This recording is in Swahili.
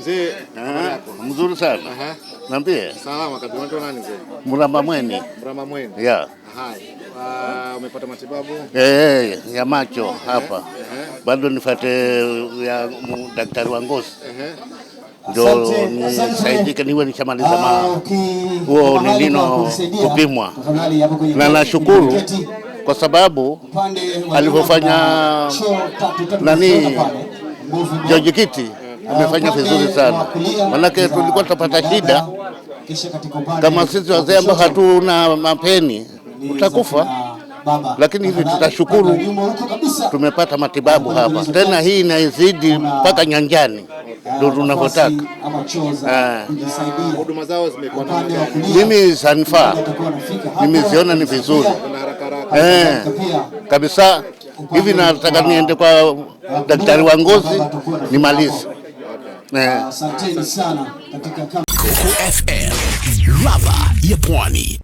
Mzee eh, mzuri sana. Nambie. Salama kabisa. Unaitwa nani mzee? Mrama Mweni. Mrama Mweni. Yeah. Hai. Uh, umepata matibabu? Eh, hey, eh, ya macho uh eh, -huh. hapa. Uh -huh. Bado nifuate ya daktari wa ngozi. Ndio nisaidike niwe nishamaliza ah, huo nilino kupimwa, na nashukuru kwa sababu alivyofanya nani Jojikiti Kiti umefanya ah, vizuri sana, manake tulikuwa tutapata shida kama sisi wazee ambao hatuna mapeni, utakufa. Lakini hivi tutashukuru, tumepata matibabu hapa tena, hii inazidi mpaka nyanjani ndio tunavyotaka. Ah. Huduma zao zimekuwa mimi sanifaa, nimeziona ni vizuri eh. kabisa. Hivi nataka niende kwa daktari wa ngozi nimalize. Eh. Asanteni sana katika Coco FM, ladha ya Pwani.